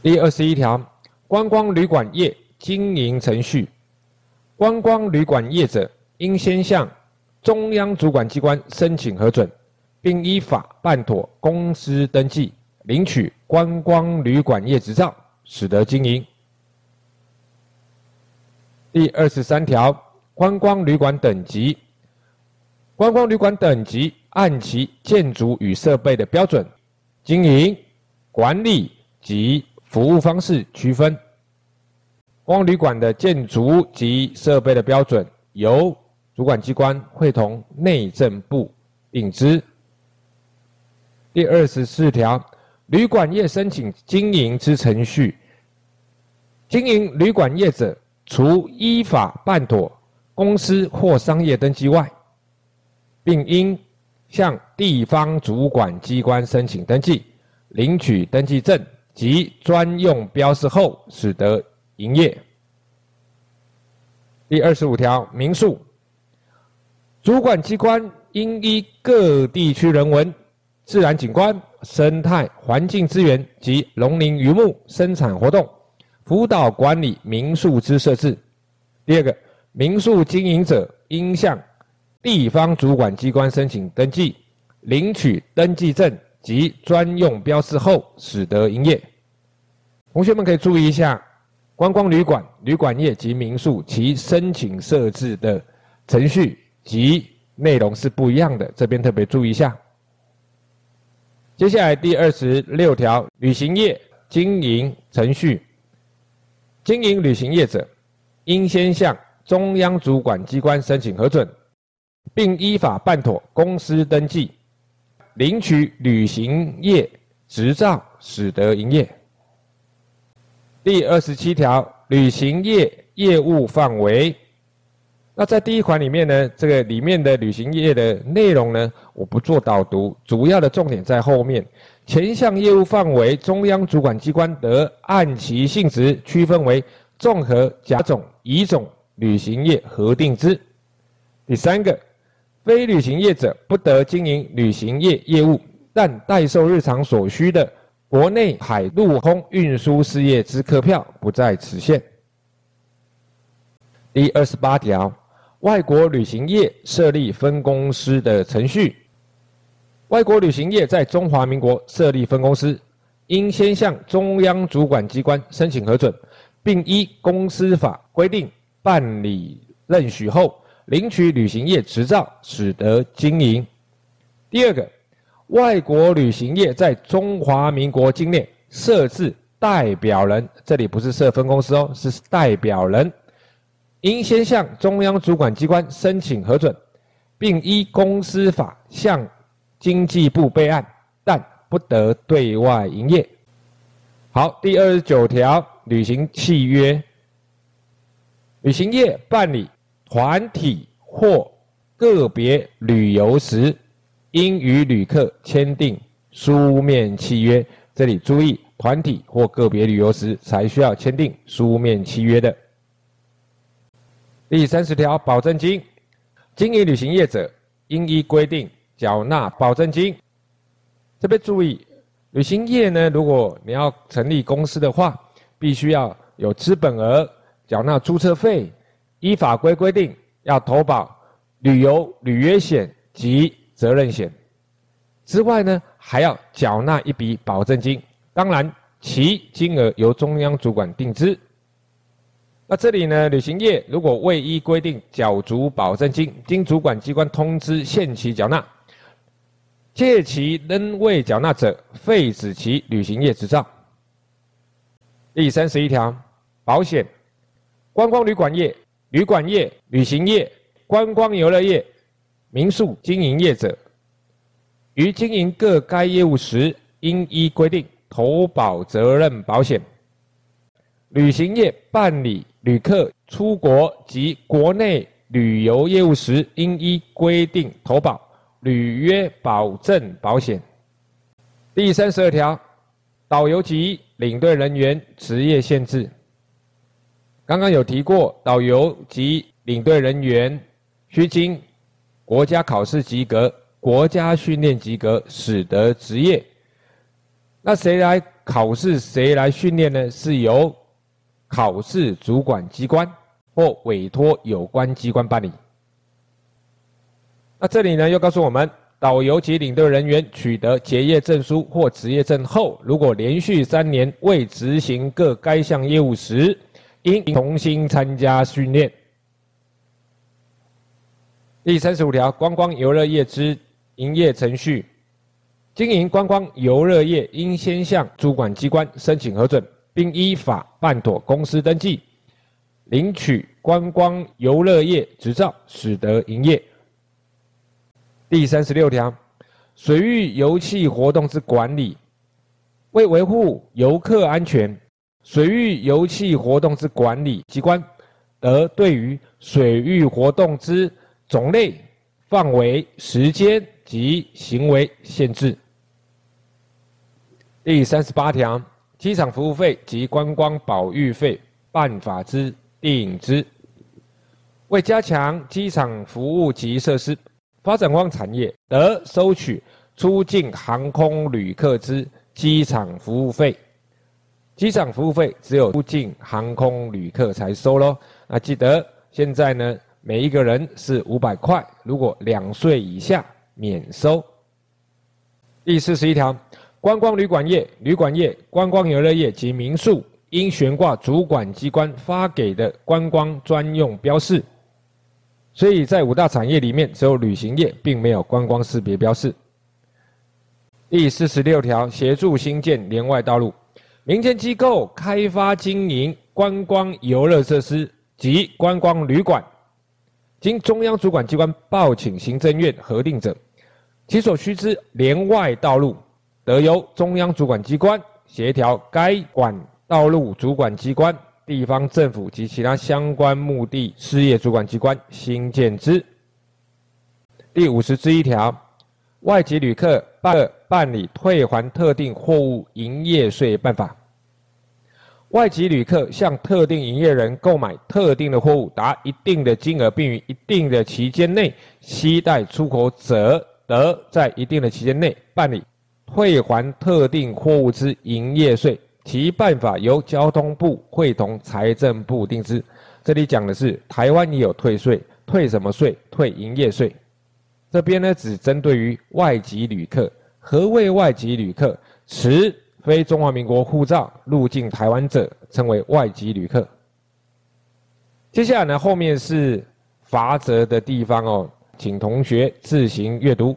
第二十一條，觀光旅館業經營程序，觀光旅館業者應先向中央主管機關申請核准，並依法辦妥公司登記，領取觀光旅館業執照，始得經營。第二十三條，觀光旅館等級，觀光旅館等級按其建築與設備的標準、經營管理及服務方式區分，光旅館的建築及設備的標準由主管機關會同內政部定之。第二十四條，旅館業申請經營之程序。經營旅館業者，除依法辦妥公司或商業登記外，並應向地方主管機關申請登記，領取登記證。及專用標識後，使得營業。第二十五條，民宿主管機關應依各地區人文、自然景觀、生態環境資源及農林漁牧生產活動，輔導管理民宿之設置。第二個，民宿經營者應向地方主管機關申請登記，領取登記證及專用標示後，使得營業。同學們可以注意一下，觀光旅館、旅館業及民宿其申請設置的程序及內容是不一樣的，這邊特別注意一下。接下來第二十六條，旅行業經營程序，經營旅行業者，應先向中央主管機關申請核准，並依法辦妥公司登記，領取旅行業執照，使得營業。第二十七條，旅行業業務範圍。那在第一款裡面呢，這個裡面的旅行業的內容呢，我不做導讀，主要的重點在後面。前項業務範圍，中央主管機關得按其性質區分為綜合甲種、乙種旅行業核定之。第三個，非旅行業者不得經營旅行業業務，但代售日常所需的。國內海陸空運輸事業之客票不在此限。第二十八條，外國旅行業設立分公司的程序：外國旅行業在中華民國設立分公司，應先向中央主管機關申請核准，並依公司法規定辦理認許後，領取旅行業執照，始得經營。第二個。外國旅行業在中華民國境內設置代表人，這裡不是設分公司哦，是代表人，應先向中央主管機關申請核准，並依公司法向經濟部備案，但不得對外營業。好，第二十九條，履行契約，旅行業辦理團體或個別旅遊時，應與旅客簽訂書面契約。這裡注意，團體或個別旅遊時才需要簽訂書面契約的。第三十條，保證金。經營旅行業者應依規定繳納保證金。這邊注意，旅行業呢，如果你要成立公司的話，必須要有資本額，繳納註冊費，依法規規定要投保旅遊，旅、遊履約險及，責任險之外呢，還要繳納一筆保證金，當然其金額由中央主管定之。那這裡呢，旅行業如果未依規定繳足保證金，經主管機關通知限期繳納，屆期仍未繳納者，廢止其旅行業執照。第三十一條，保險、觀光旅館業、旅館業、旅行業、觀光遊樂業。民宿經營業者於經營各該業務時，應依規定投保責任保險；旅行業辦理旅客出國及國內旅遊業務時，應依規定投保履約保證保險。第三十二條，導遊及領隊人員職業限制。剛剛有提過，導遊及領隊人員須經。國家考試及格，國家訓練及格，始得執業。那誰來考試？誰來訓練呢？是由考試主管機關或委託有關機關辦理。那這裡呢，又告訴我們，導遊及領隊人員取得結業證書或執業證後，如果連續三年未執行各該項業務時，應重新參加訓練。第三十五條，觀光遊樂業之營業程序，經營觀光遊樂業應先向主管機關申請核准，並依法辦妥公司登記，領取觀光遊樂業執照，使得營業。第三十六條，水域遊憩活動之管理，為維護遊客安全，水域遊憩活動之管理機關，而對於水域活動之，種類、範圍、時間及行為限制。第三十八條，機場服務費及觀光保育費辦法之定之，為加強機場服務及設施，發展觀光產業，得收取出境航空旅客之機場服務費。機場服務費只有出境航空旅客才收咯。那記得，現在呢。每一個人是五百塊，如果兩歲以下免收。第四十一條，觀光旅館業、旅館業、觀光遊樂業及民宿應懸掛主管機關發給的觀光專用標示。所以在五大產業裡面，只有旅行業並沒有觀光識別標示。第四十六條，協助興建聯外道路，民間機構開發經營觀光遊樂設施及觀光旅館。經中央主管機關報請行政院核定者，其所需之連外道路，得由中央主管機關協調該管道路主管機關、地方政府及其他相關目的事業主管機關興建之。第五十之一條，外籍旅客辦辦理退還特定貨物營業稅辦法。外籍旅客向特定營業人購買特定的貨物，達一定的金額，並於一定的期間內，攜帶出口者得在一定的期間內辦理退還特定貨物之營業稅。其辦法由交通部會同財政部定之。這裡講的是台灣也有退稅，退什麼稅？退營業稅。這邊呢，只針對於外籍旅客。何謂外籍旅客？持非中華民國護照入境台灣者稱為外籍旅客。接下來呢，後面是罰則的地方哦、喔，請同學自行閱讀。